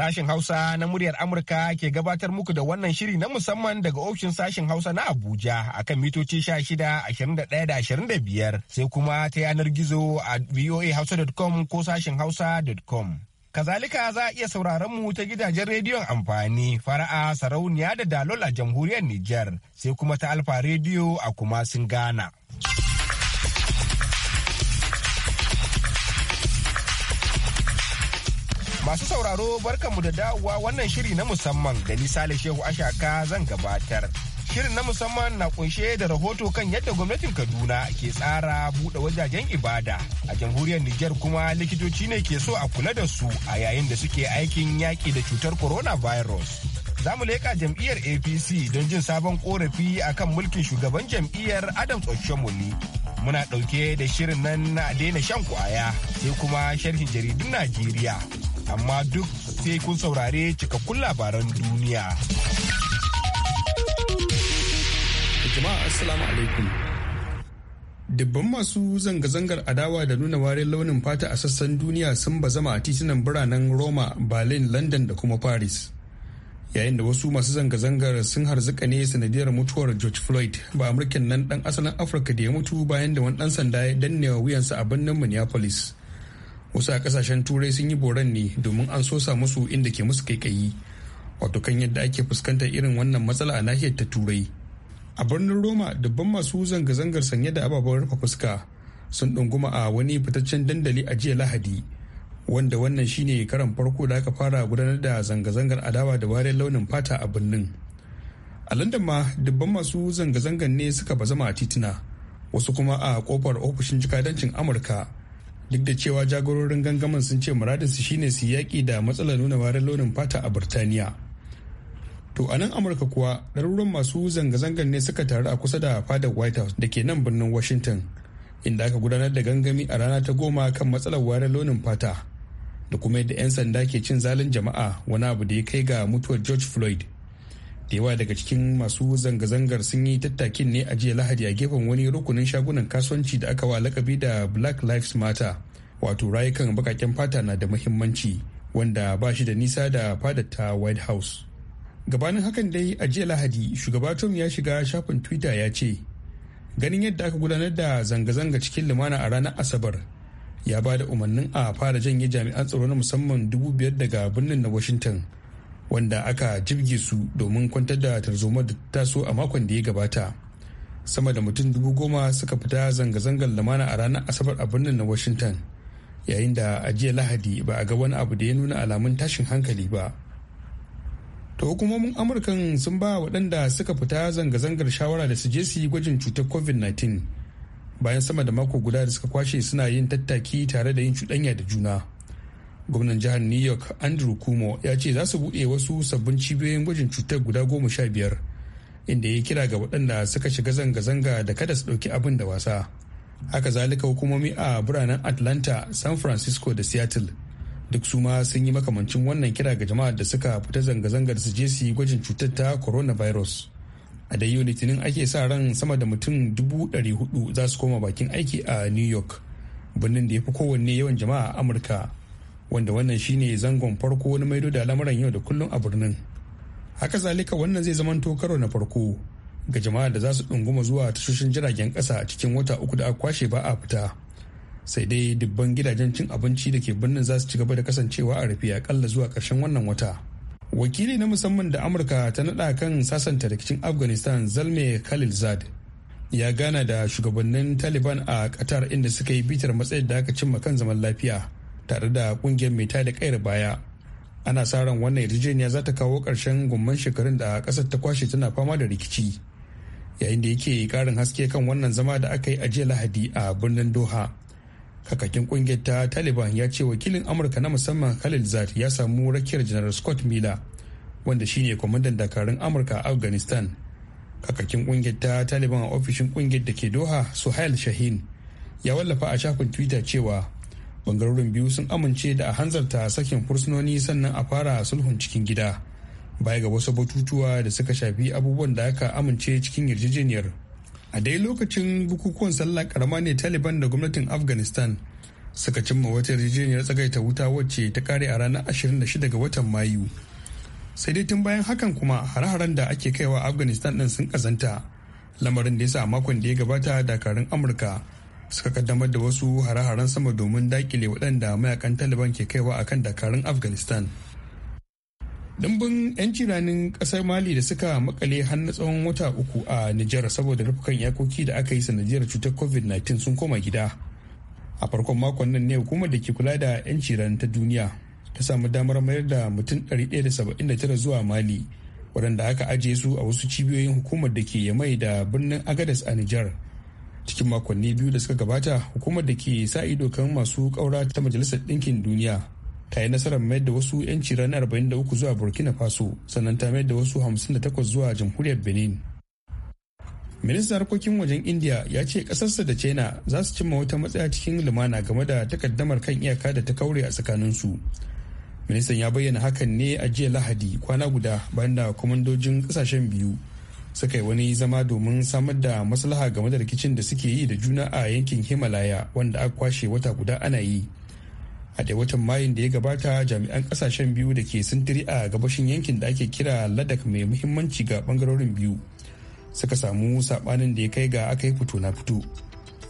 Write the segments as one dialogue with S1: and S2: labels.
S1: Sashen Hausa na muryar Amurka ke gabatar muku da wannan shiri na musamman daga ofishin sashen Hausa na Abuja a kan mitoci 16, 21 da da biyar sai kuma ta yanar gizo a voahausa.com ko sashen hausa.com. Kazalika za a iya sauraron mu ta gidajen rediyon amfani fara'a sarauniya da dalol a jamhuriyar Nijar sai kuma ta Alfa rediyo a kuma sun Ghana. Masu sauraro barkanmu da dawowa wannan shiri na musamman da ni Shehu Ashaka zan gabatar. Shirin na musamman na kunshe da rahoto kan yadda gwamnatin Kaduna ke tsara buɗe wajajen ibada. A jamhuriyar Nijar kuma likitoci ne ke so a kula da su a yayin da suke aikin yaƙi da cutar coronavirus. Za mu leƙa jam'iyyar APC don jin sabon ƙorafi kan mulkin shugaban jam'iyyar Adams Oshomoni. Muna ɗauke da shirin nan na daina shan kwaya sai kuma sharhin jaridun Najeriya. amma duk sai kun saurare cikakkun labaran duniya.
S2: Jama'a Assalamu alaikum. Dubban masu zanga-zangar adawa da nuna warin launin fata a sassan duniya sun bazama a titunan biranen Roma, Berlin, London da kuma Paris. Yayin da wasu masu zanga-zangar sun harzuka ne sanadiyar mutuwar George Floyd ba amurkin nan dan asalin Afirka da ya mutu bayan da wani dan sanda ya danne wuyansa a birnin Minneapolis. wasu a kasashen turai sun yi boran ne domin an sosa musu inda ke musu kaikayi wato kan yadda ake fuskantar irin wannan matsala a nahiyar ta turai a birnin roma dubban masu zanga-zangar sanye da ababen rufe fuska sun ɗunguma a wani fitaccen dandali a jiya lahadi wanda wannan shine karan farko da aka fara gudanar da zanga-zangar adawa da wariyar launin fata a birnin a london ma dubban masu zanga-zangar ne suka bazama a tituna wasu kuma a kofar ofishin jikadancin amurka duk da cewa jagororin gangamin sun ce muradinsu shine su yaƙi da matsalar nuna warin launin fata a birtaniya. to a nan amurka kuwa ɗaruruwan masu zanga-zangar ne suka taru a kusa da fadar white house da ke nan birnin washington inda aka gudanar da gangami a rana ta goma kan matsalar warin launin fata da kuma yadda 'yan sanda ke cin zalin jama'a wani abu da ya kai ga mutuwar george floyd da yawa daga cikin masu zanga-zangar sun yi tattakin ne a jiya lahadi a gefen wani rukunin shagunan kasuwanci da aka wa lakabi da black lives matter wato rayukan bakaken fata na da muhimmanci wanda ba shi da nisa da fadar ta white house gabanin hakan dai a jiya lahadi shugaba trump ya shiga shafin twitter ya ce ganin yadda aka gudanar da zanga-zanga cikin lumana a ranar asabar ya ba da umarnin a fara janye jami'an tsaro na musamman dubu biyar daga birnin na washington wanda aka jibge su domin kwantar da tarzoma da taso a makon da ya gabata sama da mutum dubu goma suka fita zanga-zangar lumana a ranar asabar a birnin na washington yayin da a jiya lahadi ba a ga wani abu da ya nuna alamun tashin hankali ba to hukumomin amurkan sun ba waɗanda suka fita zanga-zangar shawara da su je su yi gwajin cutar covid-19 bayan sama da mako guda da suka kwashe suna yin tattaki tare da yin cuɗanya da juna gwamnan jihar new york andrew kumo ya ce za su buɗe wasu sabbin cibiyoyin gwajin cutar guda goma sha biyar inda ya kira ga waɗanda suka shiga zanga-zanga da kada su ɗauki abin da wasa haka zalika hukumomi a biranen atlanta san francisco da seattle duk su ma sun yi makamancin wannan kira ga jama'ar da suka fita zanga-zangar su je su yi gwajin cutar ta coronavirus a dai yau litinin ake sa ran sama da mutum dubu ɗari hudu za su koma bakin aiki a new york birnin da ya fi kowanne yawan jama'a a amurka wanda wannan shine zangon farko na maido da lamuran yau da kullum a birnin haka zalika wannan zai zamanto karo na farko ga jama'a da za su ɗunguma zuwa tashoshin jiragen kasa a cikin wata uku da aka kwashe ba a fita sai dai dubban gidajen cin abinci da ke birnin za su ci gaba da kasancewa a rufe akalla zuwa ƙarshen wannan wata wakili na musamman da amurka ta naɗa kan sasanta rikicin afghanistan zalme khalilzad ya gana da shugabannin taliban a qatar inda suka yi bitar matsayin da aka cimma kan zaman lafiya tare da kungiyar mai da kayar baya ana sa ran wannan yarjejeniya za ta kawo ƙarshen gumman shekarun da ƙasar ta kwashe tana fama da rikici yayin da yake karin haske kan wannan zama da aka yi a jiya lahadi a birnin doha kakakin kungiyar ta taliban ya ce wakilin amurka na musamman khalil zad ya samu rakiyar janar scott miller wanda shine kwamandan dakarun amurka a afghanistan kakakin kungiyar ta taliban a ofishin kungiyar da ke doha suhail shahin ya wallafa a shafin twitter cewa bangarorin biyu sun amince da a hanzarta sakin fursunoni sannan a fara sulhun cikin gida baya ga wasu batutuwa da suka shafi abubuwan da aka amince cikin yarjejeniyar a dai lokacin bukukuwan sallah karama ne taliban da gwamnatin afghanistan suka cimma wata yarjejeniyar tsagaita wuta wacce ta kare a ranar 26 ga watan mayu sai dai tun bayan hakan kuma har haren da ake kaiwa afghanistan din sun kazanta lamarin da ya sa makon da ya gabata dakarun amurka suka kaddamar da wasu hare-haren sama domin dakile waɗanda mayakan taliban ke kaiwa akan dakarun afghanistan dimbin 'yan jiranin kasar mali da suka makale hannu tsawon wata uku a nijar saboda rufukan yakoki da aka yi sanadiyar cutar covid-19 sun koma gida a farkon makon nan ne hukumar da ke kula da 'yan jiran ta duniya ta samu damar mayar da mutum 179 zuwa mali waɗanda aka ajiye su a wasu cibiyoyin hukumar da ke yamai da birnin agadas a nijar cikin makonni biyu da suka gabata hukumar da ke sa ido kan masu ƙaura ta majalisar ɗinkin duniya ta yi nasarar mayar da wasu 'yanci ranar 43 zuwa burkina faso sannan ta mayar da wasu 58 zuwa jamhuriyar benin ministan harkokin wajen india ya ce kasarsa da china za su cimma wata matsaya cikin lumana game da takaddamar kan iyaka da ta kaure a tsakaninsu ministan ya bayyana hakan ne a jiya lahadi kwana guda bayan da kwamandojin kasashen biyu suka yi wani zama domin samar da maslaha game da rikicin da suke yi da juna a yankin himalaya wanda aka kwashe wata guda ana yi a da watan mayun da ya gabata jami'an kasashen biyu da ke sintiri a gabashin yankin da ake kira ladak mai muhimmanci ga bangarorin biyu suka samu sabanin da ya kai ga aka yi fito na fito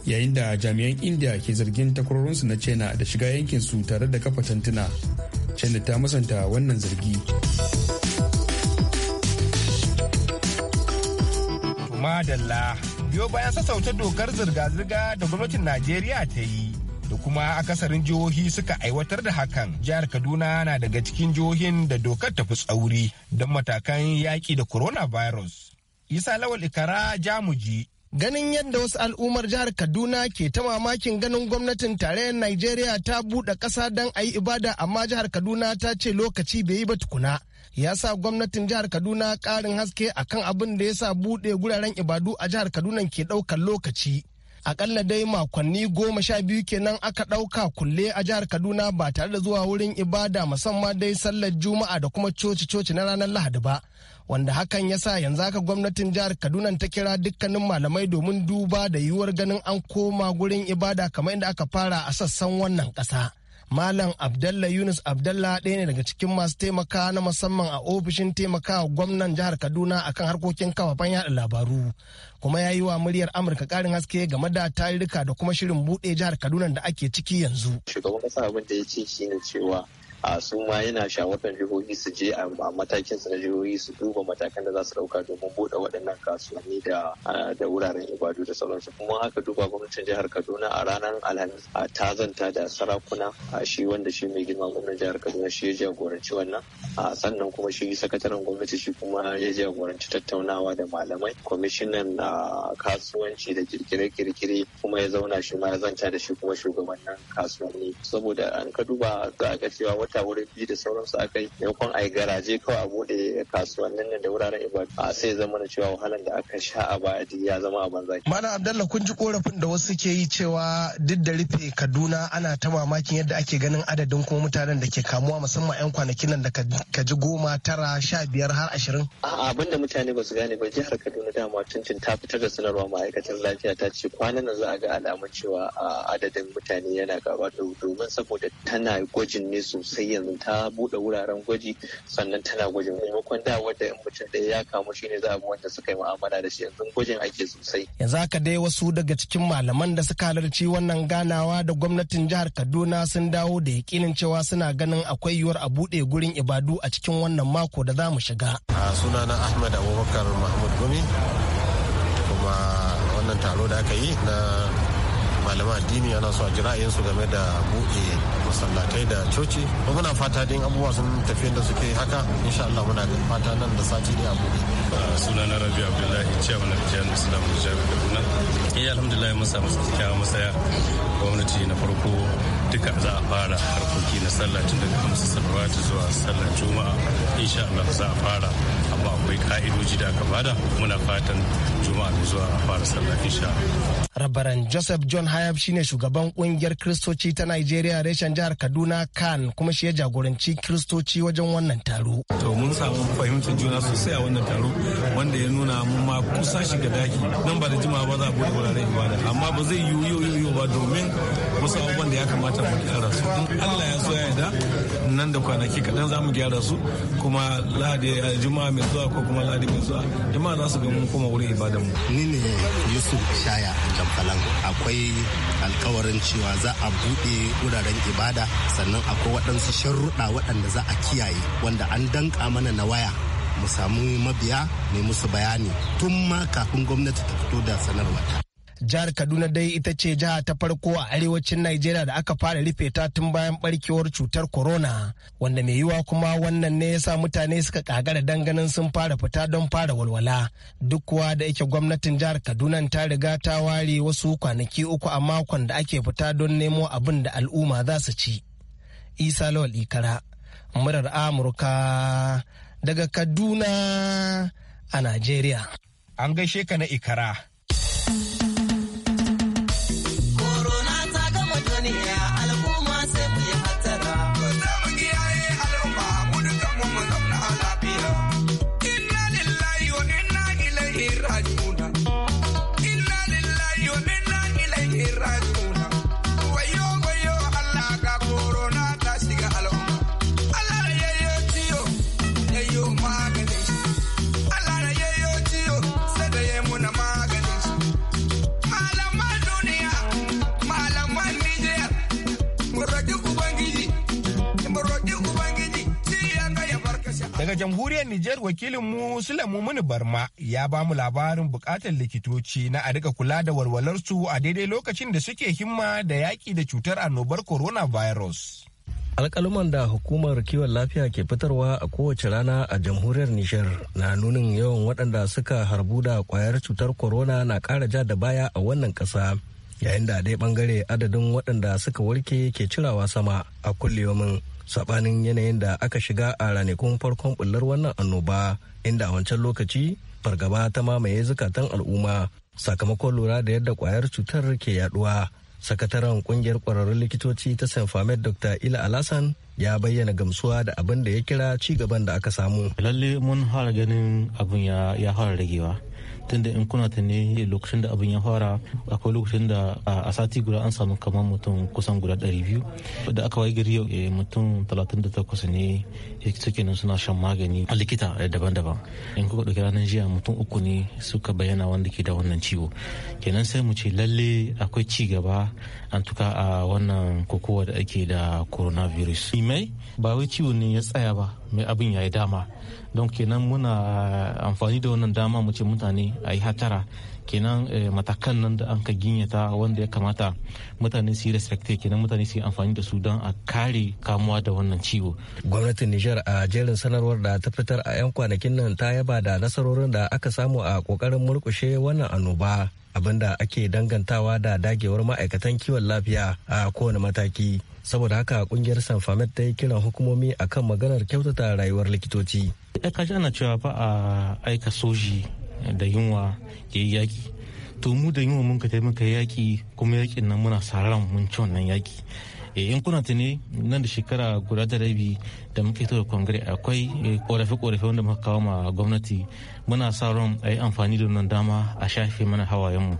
S2: yayin da jami'an india ke zargin takwarorinsu na china da shiga yankin su tare da kafa tantuna china ta musanta wannan zargi
S1: madalla biyo bayan sassauta dokar zirga-zirga da gwamnatin najeriya ta yi da kuma akasarin jihohi suka aiwatar da hakan jihar kaduna na daga cikin jihohin da dokar tafi tsauri don matakan yaƙi da
S3: coronavirus isa lawal ikara jamuji ganin yadda wasu al'ummar jihar kaduna ke ta mamakin ganin gwamnatin tarayyar najeriya ta buɗe ƙasa don a yi ibada amma jihar kaduna ta ce lokaci bai yi ba tukuna ya sa gwamnatin jihar kaduna ƙarin haske akan abin da ya sa buɗe guraren ibadu a jihar kaduna ke ɗaukar lokaci akalla dai makonni goma sha biyu kenan aka ɗauka kulle a jihar kaduna ba tare da zuwa wurin ibada musamman dai sallar juma'a da kuma coci-coci na ranar lahadi ba wanda hakan ya sa yanzu haka gwamnatin jihar kaduna ta kira dukkanin malamai domin duba da yiwuwar ganin an koma gurin ibada kamar inda aka fara a sassan wannan ƙasa. Malam Abdalla Yunus Abdalla ɗaya ne daga cikin masu taimaka na musamman a ofishin taimakawa gwamnan jihar Kaduna akan harkokin kafafen yada labaru. Kuma ya yi wa muryar Amurka ƙarin haske game da tarurruka da kuma shirin buɗe jihar Kaduna da ake ciki yanzu.
S4: Shugaban ƙasa abin da ya ce shi ne cewa a su ma yana shawartar jihohi su je a matakin su na jihohi su duba matakan da za su dauka domin bude waɗannan kasuwanni da da wuraren ibadu da sauransu kuma haka duba gwamnatin jihar Kaduna a ranar Alhamis a tazanta da sarakuna a shi wanda shi mai girma gwamnatin jihar Kaduna shi ya jagoranci wannan a sannan kuma shi sakataren gwamnati shi kuma ya jagoranci tattaunawa da malamai kwamishinan na kasuwanci da kirkire-kirkire kuma ya zauna shi ma ya zanta da shi kuma shugabannin kasuwanni saboda an ka duba za a ga cewa ta wurin biyu da sauransu a kai maimakon a yi garaje kawai a buɗe kasuwannin nan da wuraren ibad a sai zama na cewa wahalar da aka sha a baya ya zama a banza.
S3: Mana Abdallah kun ji korafin da wasu ke yi cewa duk da rufe Kaduna ana ta mamakin yadda ake ganin adadin kuma mutanen da ke kamuwa musamman 'yan kwanakin nan da ka ji goma tara sha biyar har ashirin.
S5: A'a
S4: abin da mutane ba su gane ba jihar Kaduna dama tuntun ta fitar da sanarwa ma'aikatar lafiya ta ce kwanan nan za a ga alamun cewa adadin mutane yana gaba domin saboda tana gwajin ne sosai ta yanzu ta buɗe wuraren gwaji sannan tana gwajin maimakon da wadda in mutum ɗaya ya kamu shine za a bi wanda suka yi mu'amala da shi yanzu gwajin ake sosai.
S3: Yanzu haka dai wasu daga cikin malaman da suka halarci wannan ganawa da gwamnatin jihar Kaduna sun dawo da yakinin cewa suna ganin akwai yiwuwar a buɗe gurin ibadu a cikin wannan mako da za mu shiga.
S6: A sunana Ahmad Abubakar Mahmud Gumi kuma wannan taro da aka yi na malaman addini ana so a ji ra'ayinsu game da buɗe masallatai da coci ba muna fata din abubuwa sun tafi da suke haka insha Allah muna fata nan da sati ne a buɗe.
S7: sunana rabi abdullahi cewa na jihar islam jami'a kaduna eh alhamdulillah masa
S6: masu kyakkyawan masaya gwamnati na farko duka za a fara harkoki na sallah tun daga hamsa salawatu zuwa sallah juma'a insha Allah za a fara amma akwai ka'idoji da aka bada muna fatan juma'a zuwa a fara sallah insha Allah
S3: Rabaran Joseph John Hayab shine shugaban kungiyar Kristoci ta Nigeria reshen jihar Kaduna Kan kuma shi ya jagoranci Kristoci wajen wannan
S6: taro. To mun samu fahimtar juna sosai a wannan taro wanda ya nuna mun ma kusa shiga daki nan ba da jimawa ba za a bude wuraren ibada amma ba zai yiwu ba domin wasu abubuwan da ya kamata mu gyara su in Allah ya so ya yarda nan da kwanaki kaɗan za mu gyara su kuma lahadi eh, juma'a mai zuwa ko kuma lahadi
S3: mai zuwa jama'a za su ga mun koma wurin ibadan mu ni ne Yusuf Shaya Jamfalan akwai alkawarin cewa za a buɗe wuraren ibada sannan akwai waɗansu sharruɗa waɗanda za a kiyaye wanda an danka mana na waya mu samu mabiya ne musu bayani tun ma kafin gwamnati ta fito da ta. jihar kaduna dai ita ce jiha ta farko a arewacin najeriya da aka fara rufe ta tun bayan barkewar cutar corona wanda mai yiwuwa kuma wannan ne ya sa mutane suka kagara danganin sun fara fita don fara walwala duk kuwa da yake gwamnatin jihar kaduna ta riga ta ware wasu kwanaki uku a makon da ake fita don nemo abin da al'umma za su ci isa lawal ikara murar amurka daga kaduna a najeriya an gaishe ka na ikara
S1: Iraq. Eh, jamhuriyar Nijar wakilin mu Sulaimu Muni Barma ya ba mu labarin bukatar likitoci na a rika kula da walwalarsu a daidai lokacin da suke himma da yaƙi da cutar annobar coronavirus.
S8: alkaluman da hukumar kiwon lafiya ke fitarwa a kowace rana a jamhuriyar nijar na nunin yawan waɗanda suka harbu da kwayar cutar corona na ƙara ja da baya a wannan ƙasa yayin da a dai bangare adadin waɗanda suka warke ke cirawa sama a kulliyomin sabanin yanayin da aka shiga a ranakun farkon bullar wannan annoba inda a wancan lokaci fargaba ta mamaye zukatan al'umma sakamakon lura da yadda kwayar cutar ke yaduwa sakataren kungiyar kwararrun likitoci ta st famed dr ila alasan ya bayyana gamsuwa da abin da ya kira ci gaban da aka samu
S9: lalle mun fara ganin abin ya fara ragewa tunda in kuna ta ne lokacin da abin ya fara akwai lokacin da a sati guda an samu kamar mutum kusan guda 200 da aka wai gari yau eh, mutum 38 ne suke nan suna shan magani a likita daban-daban in kuka ɗauki ranar jiya mutum uku ne suka bayyana wanda ke da wannan ciwo kenan sai mu ce lalle akwai ci gaba an tuka a wannan kokowa da ake da coronavirus mai ba wai ciwo ne ya tsaya ba mai abin ya yi dama don kenan muna eh, amfani da wannan dama mu ce mutane a yi hatara kenan eh, matakan nan da an ka ginyata wanda ya kamata mutane su respecte kenan mutane su yi amfani da su don a kare kamuwa da wannan ciwo gwamnatin nijar a jerin sanarwar da ta fitar a 'yan kwanakin nan ta yaba da
S8: nasarorin da aka samu a kokarin murkushe wannan annoba abinda ake dangantawa da dagewar ma'aikatan kiwon lafiya a kowane mataki saboda haka kungiyar famet ta yi kiran hukumomi akan maganar kyautata rayuwar likitoci.
S9: Eh, ana cewa ba a aika soji da yunwa ya yi yaƙi to mu da yunwa mun ka taimaka yaƙi kuma yaƙin nan muna sararan mun ci wannan yaƙi eh, in kuna tuni nan da shekara guda da rabi da muka fito da kwangare akwai korafe-korafe eh, wanda muka kawo ma gwamnati muna sa ran a yi amfani da wannan dama a shafe mana hawayen hawayenmu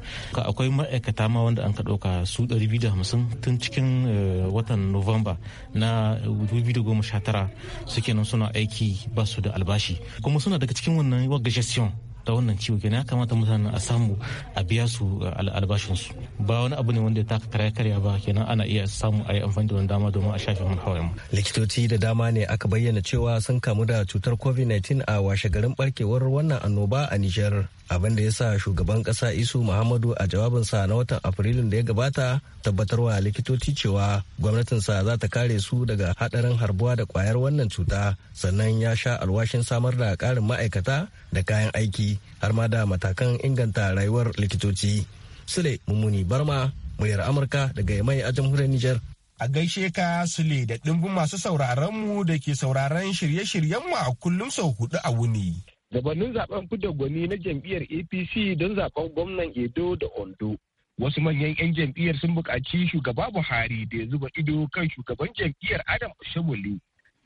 S9: akwai ma'aikata ma wanda an ka ɗauka su 250 tun cikin eh, watan nuwamba na 2019 suke nan suna aiki ba su da albashi kuma suna daga cikin wannan wagasasiyon ta wannan ciwo kenan ya kamata mutane a samu a biya su uh, albashinsu ba wani abu ne wanda ya taka karya karya ba kenan ana iya samu a yi amfani da wani dama domin a shafe mun mu likitoci
S8: da dama ne aka bayyana cewa sun kamu da cutar covid-19 a washe garin
S9: barkewar wannan
S8: annoba a Nijar abin da ya sa shugaban kasa isu muhammadu a jawabinsa na watan afrilun da ya gabata tabbatarwa likitoci cewa gwamnatinsa za ta kare su daga hadarin harbuwa da kwayar wannan cuta sannan ya sha alwashin samar da karin ma'aikata da kayan aiki har ma da matakan inganta rayuwar likitoci sule mummuni barma muryar amurka daga yamai a jamhuriyar niger a gaishe ka sule da dimbin masu
S1: sauraron mu da ke sauraron shirye-shiryen mu a kullum sau hudu a wuni. gabanin zaben fidda gwani na jam'iyyar apc don zaben gwamnan edo da ondo wasu manyan 'yan jam'iyyar sun buƙaci shugaba buhari da ya zuba ido kan shugaban jam'iyyar adam shamuli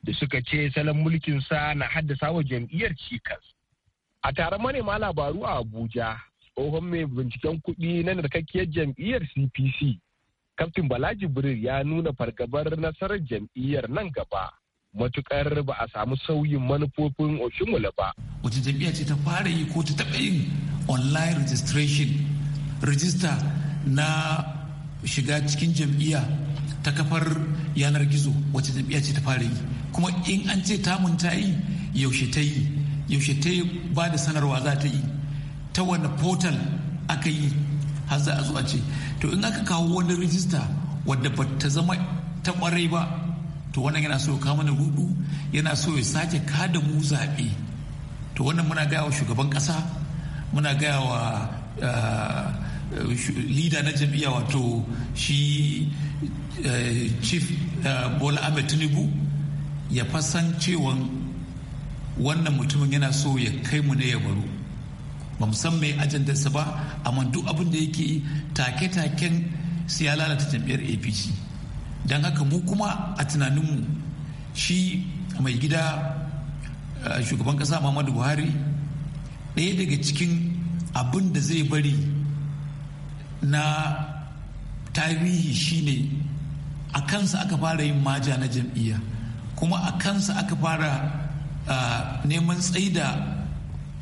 S1: da suka ce salon mulkin mulkinsa na haddasa wa jam'iyyar cikas a taron manema labaru a abuja tsohon mai binciken kuɗi na narkakkiyar jam'iyyar cpc kaftin bala jibril ya nuna fargabar nasarar jam'iyyar nan gaba matukar ba a samu sauyin manufofin Oshimole ba.
S10: Wace jam'iyya ce ta fara yi ko ta taɓa yin online registration register na shiga cikin jam'iyya ta kafar yanar gizo wace jami'a ce ta fara yi kuma in an ce ta ta yi yaushe ta yi yaushe ta yi ba da sanarwa za ta yi ta wani portal aka yi har za a zuwa ce to in aka kawo wani rijista wadda ba ta zama ta kwarai ba to wannan yana so kawo mana rudu yana so ya sake kada mu zaɓe to wannan muna gaya wa shugaban ƙasa muna gaya wa eh, eh, lida na jam'iyya wato shi eh, chief bola ahmed tinubu ya fasan cewan wannan mutumin yana so ya kai mu ne ya baro ba san mai ajandarsa ba amma duk abin da yake take-taken siya ya lalata jam'iyyar apc don haka mu kuma a tunaninmu shi mai gida shugaban kasa muhammadu buhari ɗaya daga cikin abin da zai bari na tarihi shine a kansa aka fara yin maja na jam'iyya kuma a kansa aka fara neman tsaida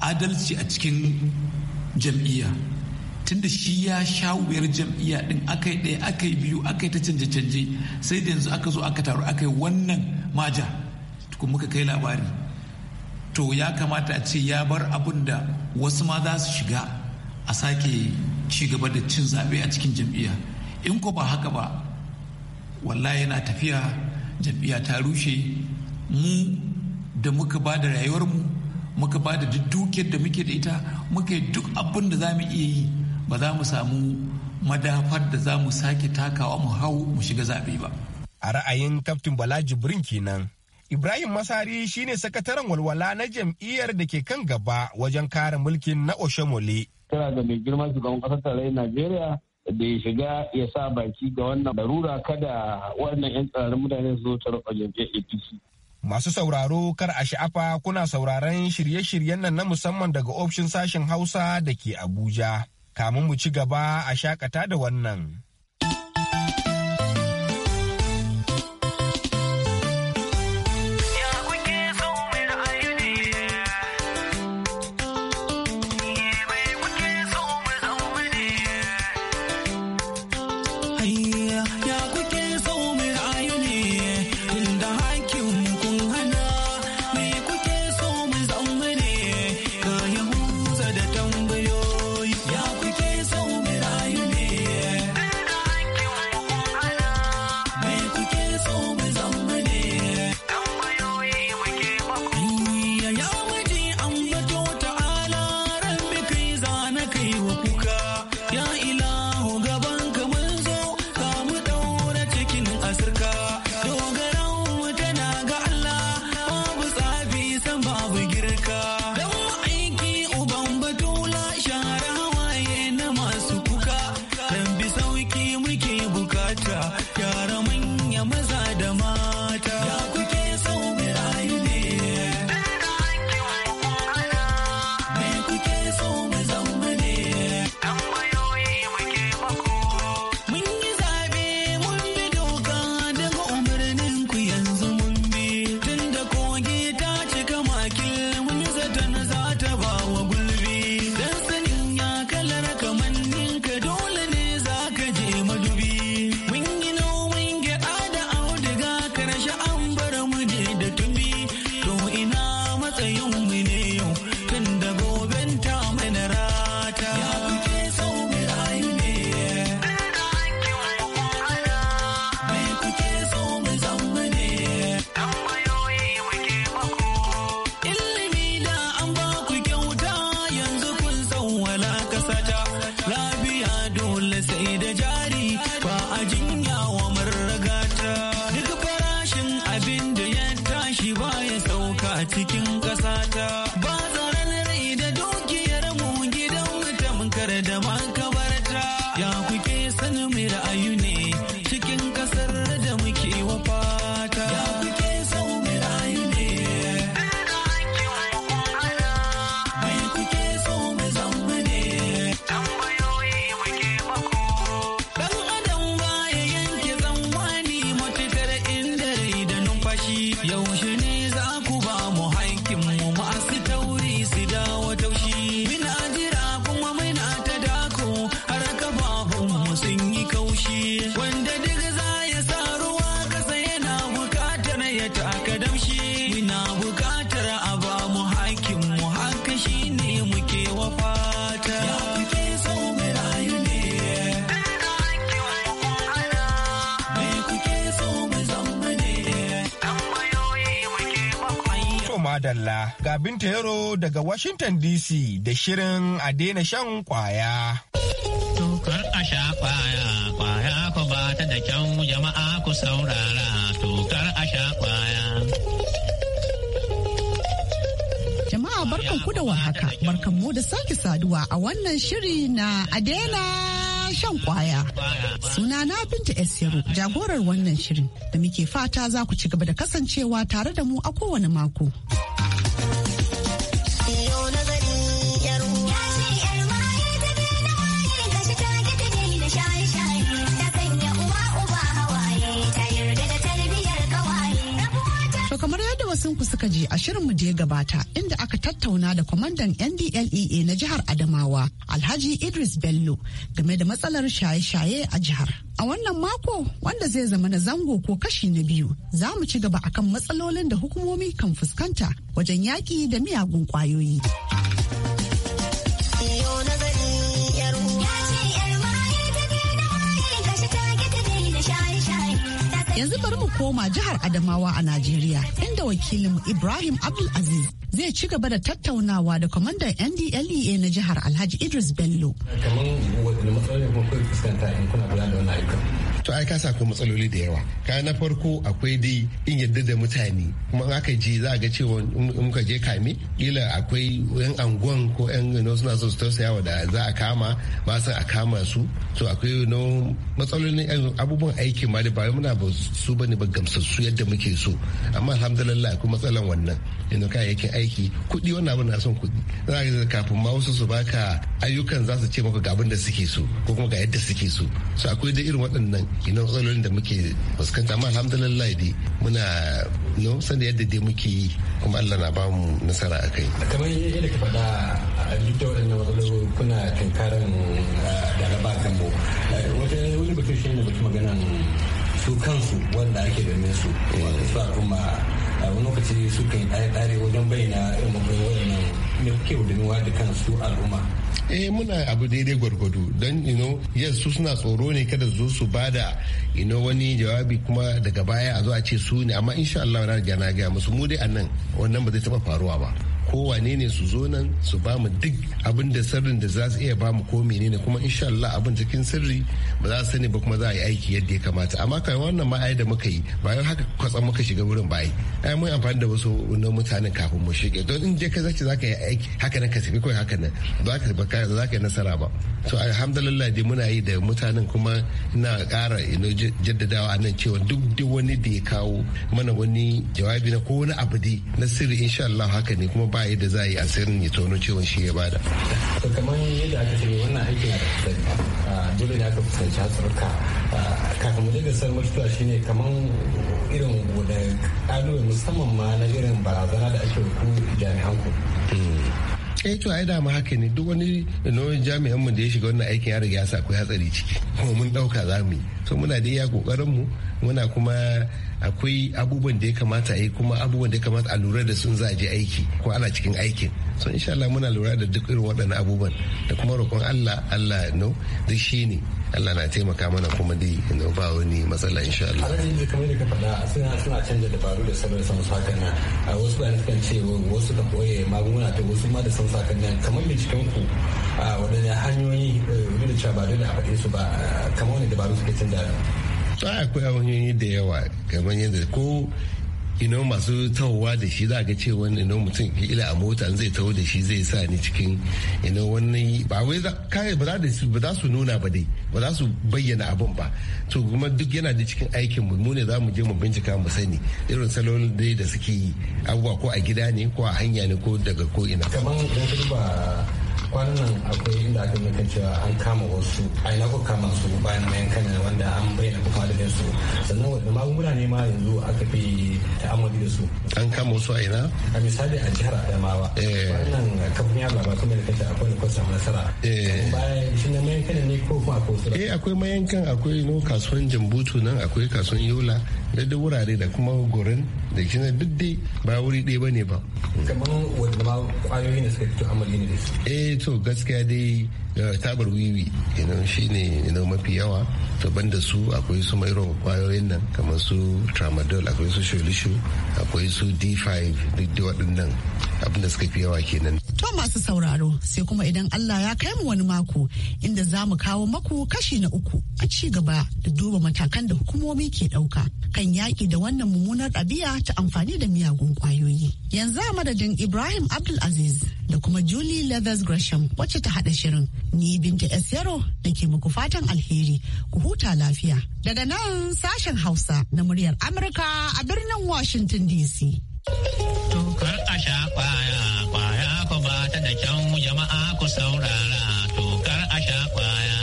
S10: adalci a cikin jam'iyya tunda shi ya sha wuyar jam'iyya din aka yi ɗaya aka yi biyu aka yi ta canje canje sai da yanzu aka zo aka taru aka yi wannan maja tukun muka kai labari to ya kamata a ce ya bar abin da wasu ma za su shiga a sake ci gaba da cin zaɓe a cikin jam'iyya in ko ba haka ba walla yana tafiya jam'iyya ta rushe mu da muka ba da rayuwarmu muka ba da duk dukiyar da muke da ita muka yi duk abin da za mu iya yi ba za mu samu madafar da za mu sake takawa mu hau mu shiga zaɓe ba. A ra'ayin Kaftin Bala Jibrin kenan.
S1: Ibrahim Masari shine sakataren walwala na jam'iyyar da ke kan gaba wajen kare mulkin na Oshomole. Tana da mai girma shugaban ƙasar tarayyar Najeriya da ya shiga
S8: ya sa baki ga wannan larura kada wannan 'yan tsirarin mutane su zo ta rufe jam'iyyar APC.
S1: Masu sauraro kar a sha'afa kuna sauraron shirye-shiryen nan na musamman daga ofishin sashen Hausa da ke Abuja. kamun mu ci gaba a shakata da wannan. dogara da ma ga Binta Yaro daga Washington DC
S4: da shirin a daina shan kwaya. Tukar a sha kwaya, kwaya ku ba ta da kyau jama'a ku saurara, tukar a sha kwaya.
S5: jama'a barkan ku da wahaka barkan mu da sake saduwa a wannan shiri na adela shan kwaya suna na binta esiru jagorar wannan shirin da muke fata za ku ci gaba da kasancewa tare da mu a kowane mako. sun ku suka je a shirinmu da ya gabata inda aka tattauna da kwamandan NDLEA na jihar Adamawa Alhaji Idris Bello game da matsalar shaye-shaye a jihar. A wannan mako wanda zai zama na zango ko kashi na biyu za mu ci gaba akan matsalolin da hukumomi kan fuskanta wajen yaki da miyagun kwayoyi. yanzu bari mu koma jihar Adamawa a Najeriya inda wakilin Ibrahim Abdul zai ci gaba da tattaunawa da kwamandan NDLEA na jihar Alhaji Idris Bello.
S11: Kamar kuma fuskanta in kuna da wani aikin. to ai ka sako matsaloli da yawa ka na farko akwai dai in yadda da mutane kuma aka je za a ga cewa in ka je kame kila akwai yan anguwan ko yan suna so su tausaya wa da za a kama ba san a kama su to akwai matsaloli matsalolin abubuwan aiki ma da ba muna ba su bane ba gamsassu yadda muke so amma alhamdulillah akwai matsalan wannan yanzu kayayyakin aiki kuɗi wannan abu na son kuɗi za ka kafin ma wasu su baka ayyukan za su ce maka ga abin da suke so ko kuma ga yadda suke so so akwai da irin waɗannan ina matsalolin da muke fuskanta amma alhamdulillah dai muna san da yadda dai muke yi kuma Allah na ba mu nasara a kai.
S7: kamar yadda ka faɗa a duk da waɗannan matsalolin kuna tunkaran ah, da raba gambo eh, wani batun shi ne batun maganan su kansu wanda ake da su su kuma
S11: a wani lokaci suka yi tsare wajen bayyana irin waɗannan me kuke gudunuwa da kansu al'umma eh muna abu daidai gwargwado don you know yes su suna tsoro ne kada zo su bada you know wani jawabi kuma daga baya a zo a ce su ne amma insha Allah na riga na gaya musu mu dai anan wannan ba zai taba faruwa ba kowane ne su zo nan su ba mu duk abin da sirrin da za su iya ba mu ko menene kuma insha Allah abin cikin sirri ba za su sani ba kuma za a yi aiki yadda ya kamata amma kai wannan ma da muka yi bayan haka kwatsa muka shiga wurin ba ai ai mun amfani da wasu na mutanen kafin mu shige don in je ka zace zaka yi aiki haka nan ka tafi kai haka nan ba ka ba za ka yi nasara ba to alhamdulillah dai muna yi da mutanen kuma ina ƙara jaddadawa a nan cewa duk wani da ya kawo mana wani jawabi na ko wani abu dai na sirri insha Allah haka ne kuma ba ba yadda za a yi asirin ya tono ciwon shi ya bada.
S7: to kamar yadda aka ce wannan aiki na da dole ne aka fuskanci hatsarka kafin mu da sanar shi ne kamar irin da kalubale
S11: musamman ma na irin barazana da ake ku jami'an ku. Hmm. eh to ai mu haka ne duk wani nauyin jami'an mu da ya shiga wannan aikin ya riga ya sa akwai hatsari ciki kuma mun dauka za mu yi so muna da iya kokarin mu muna kuma akwai abubuwan da ya kamata a yi kuma abubuwan da ya kamata a lura da sun za a je aiki ko ana cikin aikin so insha Allah muna lura da duk irin waɗannan abubuwan da kuma roƙon Allah Allah no duk shi ne Allah na taimaka mana kuma dai ina ba wani matsala insha Allah.
S7: Alhaji ne kamar da ka faɗa suna suna canza dabaru da sabon san sakan nan a wasu da kan ce wasu da koye magunguna ta wasu ma da san sakan nan kamar cikin ku a waɗanne hanyoyi duk eh, da cewa ba dole a faɗe su ba kamar wani dabaru
S11: suke canza to akwai hanyoyi da yawa kamar yadda ko ino masu tahowa da shi za ga ce wani ino mutum ila a mota zai taho da shi zai sa ni cikin ino wani ba wai kare ba za su nuna ba dai ba za su bayyana abin ba to kuma duk yana da cikin aikin mu ne za mu je mu bincika mu sani irin salon dai da suke yi abubuwa ko a gida ne ko a hanya ne ko daga ko ina. kamar da
S7: kwanan nan akwai inda aka yi kan cewa an kama wasu a ina ko kama su bayan mayan kan wanda an bayyana ko da su sannan wanda magunguna ne ma yanzu aka fi ta'amali da su an kama wasu a ina a misali a jihar adamawa eh. wannan kafin ya ba kuma da kace akwai kwasa samu nasara eh. bayan shi
S11: ne mayan kan ne ko kuma akwai su eh akwai mayan kan akwai no kasuwan jambutu nan akwai kasuwan yola da duk wurare da kuma gurin da kina duk dai ba wuri ɗaya bane ba kamar wanda ma kwayoyi ne suka fito amali ne da su eh to gaskiya dai eh, tabar wiwi idan shi ne mafi yawa to da su akwai su mairo kwayoyin nan kamar su tramadol akwai su shulishu akwai su d5 duk da waɗannan abinda suka fi yawa kenan
S5: To masu sauraro sai kuma idan Allah ya kai mu wani mako inda za mu kawo maku kashi na uku a ci gaba da duba matakan da hukumomi ke ɗauka kan yaƙi da wannan mummunar ɗabi'a ta amfani da miyagun kwayoyi. Yanzu a madadin Ibrahim Abdulaziz da kuma Julie Leathers Gresham wacce ta haɗa shirin. Ni Binta S. Yaro da ke muku fatan alheri ku huta lafiya. Daga nan sashen Hausa na muryar Amurka a birnin Washington DC.
S4: jama'a ku saurara tokar kwaya.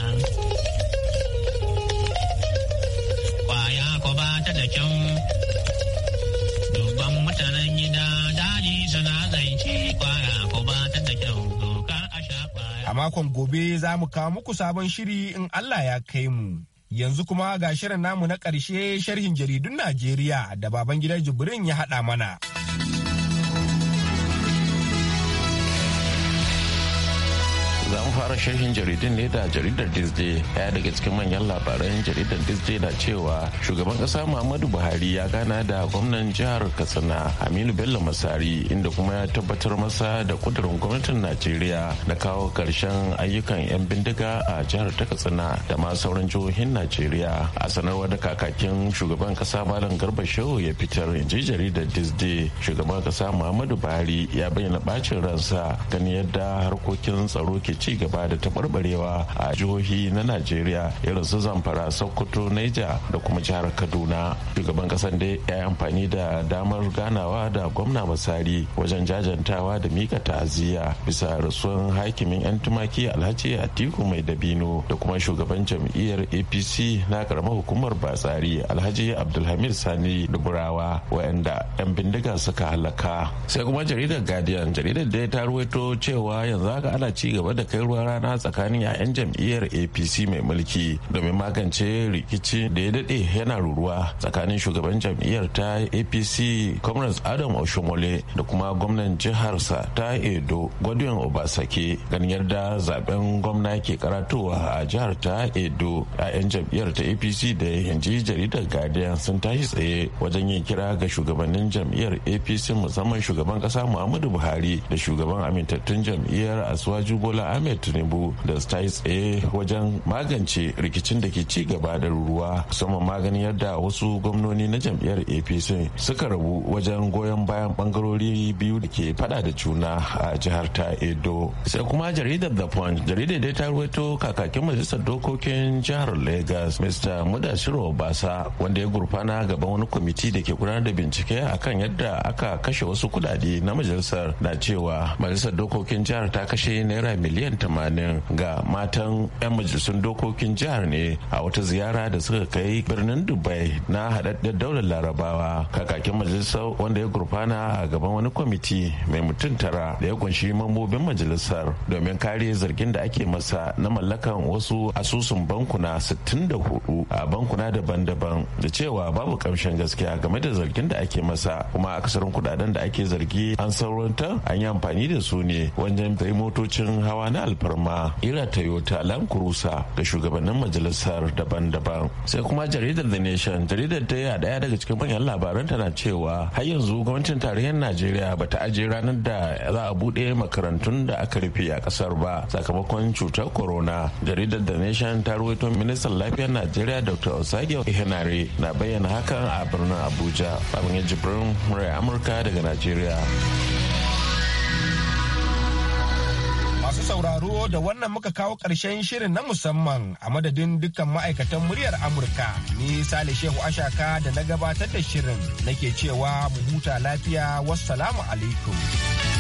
S4: Kwaya ku ba ta da kyau. Dubban mutanen gida daji suna zance kwaya ku ba ta da kyau tokar a sha
S1: kwaya. A makon gobe za mu kawo muku sabon shiri in Allah ya kai mu. Yanzu kuma ga shirin namu na ƙarshe sharhin jaridun Najeriya da baban gidan Jibrin ya haɗa mana.
S6: fara sharhin jaridun ne da jaridar Disney. Daya daga cikin manyan labaran jaridar Disney na cewa shugaban kasa Muhammadu Buhari ya gana da gwamnan jihar Katsina Aminu Bello Masari inda kuma ya tabbatar masa da kudurin gwamnatin Najeriya na kawo karshen ayyukan 'yan bindiga a jihar ta Katsina da ma sauran jihohin Najeriya. A sanarwar da kakakin shugaban kasa Malam Garba Shehu ya fitar inji jaridar Disney shugaban kasa Muhammadu Buhari ya bayyana bacin ransa ganin yadda harkokin tsaro ke ci gaba ba da taɓarɓarewa a jihohi na najeriya irin su zamfara sokoto naija da kuma jihar kaduna shugaban ƙasar da ya amfani da damar ganawa da gwamna masari wajen jajantawa da mika ta'aziyya bisa rasuwan hakimin 'yan tumaki alhaji atiku mai dabino da kuma shugaban jam'iyyar apc na karamar hukumar batsari alhaji abdulhamid sani duburawa wayanda 'yan bindiga suka halaka sai kuma jaridar guardian jaridar da ya ta ruwaito cewa yanzu haka ana ci gaba da kai ruwan rana tsakanin 'ya'yan jam'iyyar apc mai mulki domin magance rikici da ya dade yana ruruwa tsakanin shugaban jam'iyyar ta apc comrades adam oshomole da kuma gwamnan jiharsa ta edo godwin obasake ganin yadda zaben gwamna ke karatowa a jihar ta edo 'ya'yan jam'iyyar ta apc da yanzu jaridar guardian sun tashi tsaye wajen yin kira ga shugabannin jam'iyyar apc musamman shugaban kasa muhammadu buhari da shugaban amintattun jam'iyyar asuwaju bola ahmed tinubu da su tayi tsaye wajen magance rikicin da ke ci gaba da ruwa sama maganin yadda wasu gwamnoni na jam'iyyar apc suka rabu wajen goyon bayan bangarori biyu da ke fada da juna a jihar ta edo sai kuma jaridar the point jaridar dai ta ruwaito kakakin majalisar dokokin jihar lagos mr mudashiro basa wanda ya gurfana gaban wani kwamiti da ke gudanar da bincike akan yadda aka kashe wasu kudade na majalisar na cewa majalisar dokokin jihar ta kashe naira miliyan 80 ga matan 'yan majalisun dokokin jihar ne a wata ziyara da suka kai birnin dubai na haɗaɗɗen daular larabawa kakakin majalisar wanda ya gurfana a gaban wani kwamiti mai mutum tara da ya kunshi mambobin majalisar domin kare zargin da ake masa na mallakan wasu asusun bankuna 64 a bankuna daban-daban da cewa babu kamshin gaskiya game da zargin da ake masa kuma akasarin kudaden da ake zargi an sauranta an yi amfani da su ne wajen kai motocin hawa na alfarma ira toyota land cruiser ga shugabannin majalisar daban-daban sai kuma jaridar the nation jaridar ta yi daya daga cikin manyan labaran tana cewa har yanzu gwamnatin tarayyar najeriya bata ajiye ranar da za a bude makarantun da aka rufe a kasar ba sakamakon cutar corona jaridar the nation ta ruwaito ministan lafiyar najeriya dr osage ihenare na bayyana hakan a birnin abuja babin jibrin murai amurka daga najeriya
S1: sauraro da wannan muka kawo ƙarshen shirin na musamman a madadin dukkan ma'aikatan muryar Amurka. Ni Sale Shehu Ashaka da na gabatar da shirin nake cewa mu huta lafiya wassalamu alaikum.